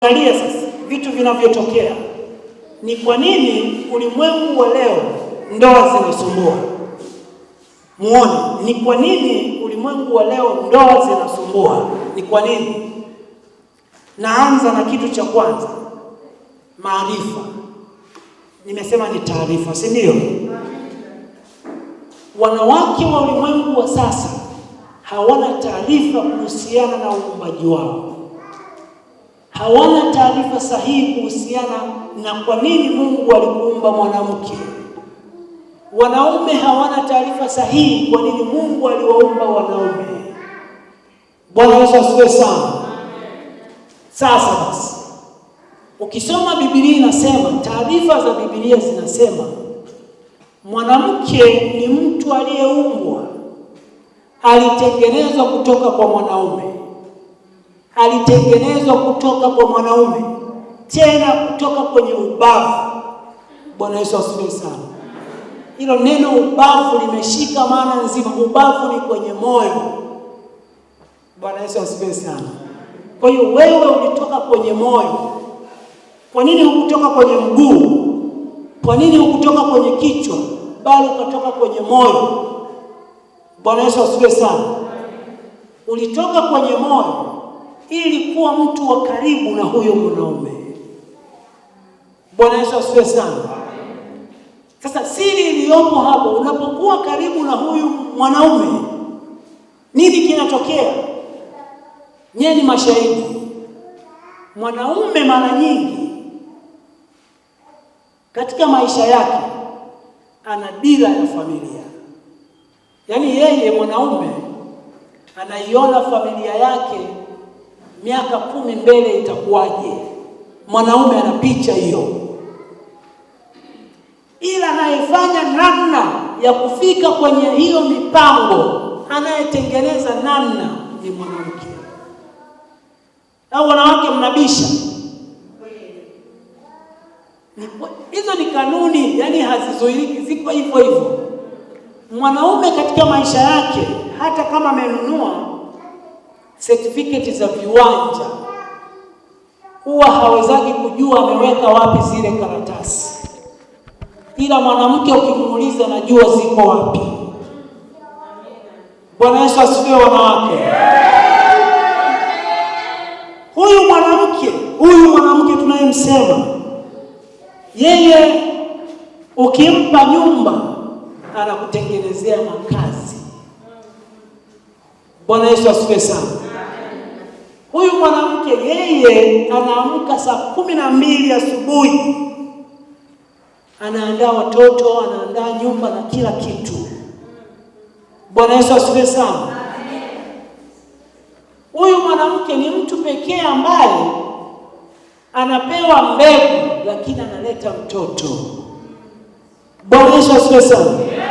Angalia sasa vitu vinavyotokea. Ni kwa nini ulimwengu wa leo ndoa zinasumbua? Muone ni kwa nini ulimwengu wa leo ndoa zinasumbua, ni kwa nini? Naanza na kitu cha kwanza, maarifa. Nimesema ni taarifa, si ndio? Wanawake wa ulimwengu wa sasa hawana taarifa kuhusiana na uumbaji wao hawana taarifa sahihi kuhusiana na kwa nini Mungu alikuumba mwanamke. Wanaume hawana taarifa sahihi kwa nini Mungu aliwaumba wanaume. Bwana Yesu asifiwe sana. Sasa basi, ukisoma Biblia inasema, taarifa za Biblia zinasema mwanamke ni mtu aliyeumbwa, alitengenezwa kutoka kwa mwanaume alitengenezwa kutoka kwa mwanaume, tena kutoka kwenye ubavu. Bwana Yesu asifiwe sana. Hilo neno ubavu limeshika maana nzima. Ubavu ni kwenye moyo. Bwana Yesu asifiwe sana. Kwa hiyo wewe ulitoka kwenye moyo. Kwa nini hukutoka kwenye mguu? Kwa nini hukutoka kwenye kichwa, bali ukatoka kwenye moyo? Bwana Yesu asifiwe sana. Ulitoka kwenye moyo ili kuwa mtu wa karibu na huyo mwanaume. Bwana Yesu asifiwe sana. Sasa siri iliyopo hapo, unapokuwa karibu na huyu mwanaume, nini kinatokea? Nyie ni mashahidi. Mwanaume mara nyingi katika maisha yake ana dira ya familia, yaani yeye mwanaume anaiona familia yake miaka kumi mbele itakuwaje? Mwanaume ana picha hiyo, ila anayefanya namna ya kufika kwenye hiyo mipango, anayetengeneza namna ni mwanamke. Au wanawake mnabisha? Hizo ni kanuni, yani hazizuiliki, ziko hivyo hivyo. Mwanaume katika maisha yake, hata kama amenunua certificate za viwanja huwa hawezaji kujua ameweka wapi zile karatasi, ila mwanamke ukimuuliza, najua ziko wapi. Bwana Yesu asifiwe, wanawake. Huyu mwanamke huyu mwanamke tunayemsema yeye, ukimpa nyumba anakutengenezea makazi. Bwana Yesu asifiwe sana. Huyu mwanamke yeye anaamka saa kumi na mbili asubuhi, anaandaa watoto, anaandaa nyumba na kila kitu. Bwana Yesu asifiwe sana. Huyu mwanamke ni mtu pekee ambaye anapewa mbegu, lakini analeta mtoto. Bwana Yesu asifiwe sana.